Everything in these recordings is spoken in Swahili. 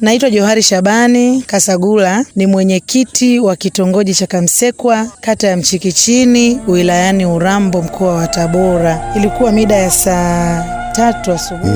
Naitwa Johari Shabani Kasagula, ni mwenyekiti wa kitongoji cha Kamsekwa, kata ya Mchikichini, wilayani Urambo, mkoa wa Tabora. Ilikuwa mida ya saa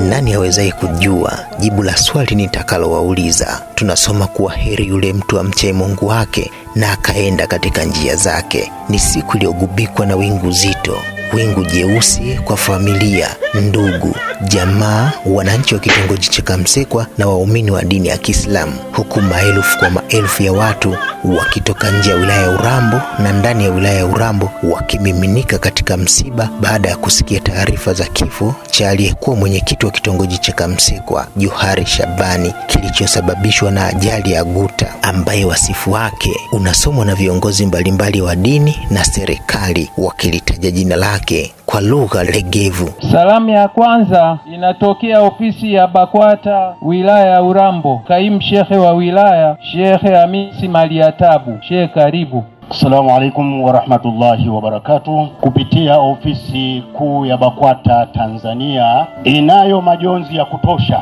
nani awezaye kujua jibu la swali nitakalowauliza? Tunasoma kuwa heri yule mtu amchaye Mungu wake na akaenda katika njia zake. Ni siku iliyogubikwa na wingu zito wingu jeusi kwa familia, ndugu, jamaa, wananchi wa kitongoji cha Kamsekwa na waumini wa dini ya Kiislamu, huku maelfu kwa maelfu ya watu wakitoka nje ya wilaya ya Urambo na ndani ya wilaya ya Urambo wakimiminika katika msiba baada ya kusikia taarifa za kifo cha aliyekuwa mwenyekiti wa kitongoji cha kamsekwa Johari Shabani kilichosababishwa na ajali ya guta, ambaye wasifu wake unasomwa na viongozi mbalimbali wa dini na serikali wakilitaja jina lake kwa lugha legevu. Salamu ya kwanza inatokea ofisi ya BAKWATA wilaya ya Urambo, kaimu shekhe wa wilaya Shekhe Hamisi Maliatabu. Shekhe, karibu. Assalamu alaikum warahmatullahi wabarakatuh. Kupitia ofisi kuu ya BAKWATA Tanzania, inayo majonzi ya kutosha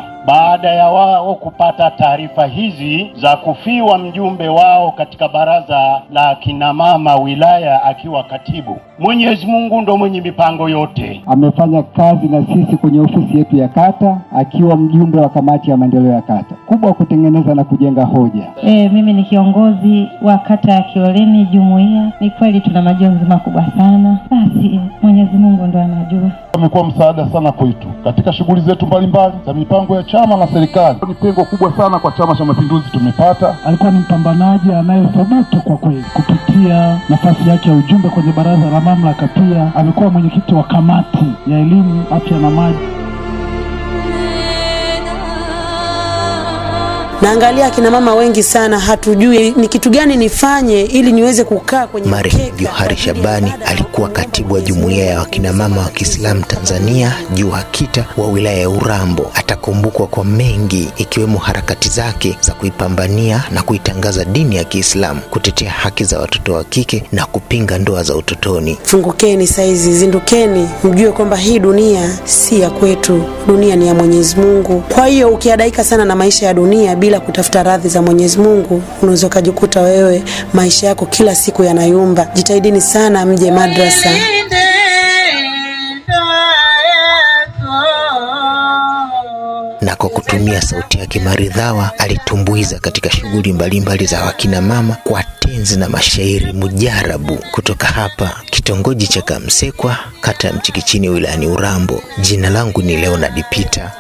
baada ya wao kupata taarifa hizi za kufiwa mjumbe wao katika baraza la kinamama wilaya akiwa katibu. Mwenyezi Mungu ndo mwenye mipango yote, amefanya kazi na sisi kwenye ofisi yetu ya kata akiwa mjumbe wa kamati ya maendeleo ya kata kubwa, kutengeneza na kujenga hoja. E, mimi ni kiongozi wa kata ya Kioleni jumuiya. Ni kweli tuna majonzi makubwa sana, basi Mwenyezi Mungu ndo anajua amekuwa msaada sana kwetu katika shughuli zetu mbalimbali za mipango ya chama na serikali. Ni pengo kubwa sana kwa Chama cha Mapinduzi tumepata. Alikuwa ni mpambanaji anayethubutu kwa kweli, kupitia nafasi yake ya ujumbe kwenye baraza la mamlaka. Pia amekuwa mwenyekiti wa kamati ya elimu, afya na maji. Naangalia akina mama wengi sana, hatujui ni kitu gani nifanye ili niweze kukaa kwenye. Marehemu Johari Shabani alikuwa katibu wa jumuiya ya wakinamama wa Kiislamu Tanzania JUHAKITA wa wilaya ya Urambo. Atakumbukwa kwa mengi, ikiwemo harakati zake za kuipambania na kuitangaza dini ya Kiislamu, kutetea haki za watoto wa kike na kupinga ndoa za utotoni. Fungukeni saizi, zindukeni, mjue kwamba hii dunia si ya kwetu, dunia ni ya Mwenyezi Mungu. Kwa hiyo ukiadaika sana na maisha ya dunia bila bila kutafuta radhi za Mwenyezi Mungu unaweza ukajikuta wewe maisha yako kila siku yanayumba. Jitahidini sana mje madrasa. na kwa kutumia sauti yake maridhawa alitumbuiza katika shughuli mbalimbali za wakina mama kwa tenzi na mashairi mujarabu. Kutoka hapa kitongoji cha Kamsekwa, kata ya Mchikichini, wilayani Urambo. Jina langu ni Leonard Peter.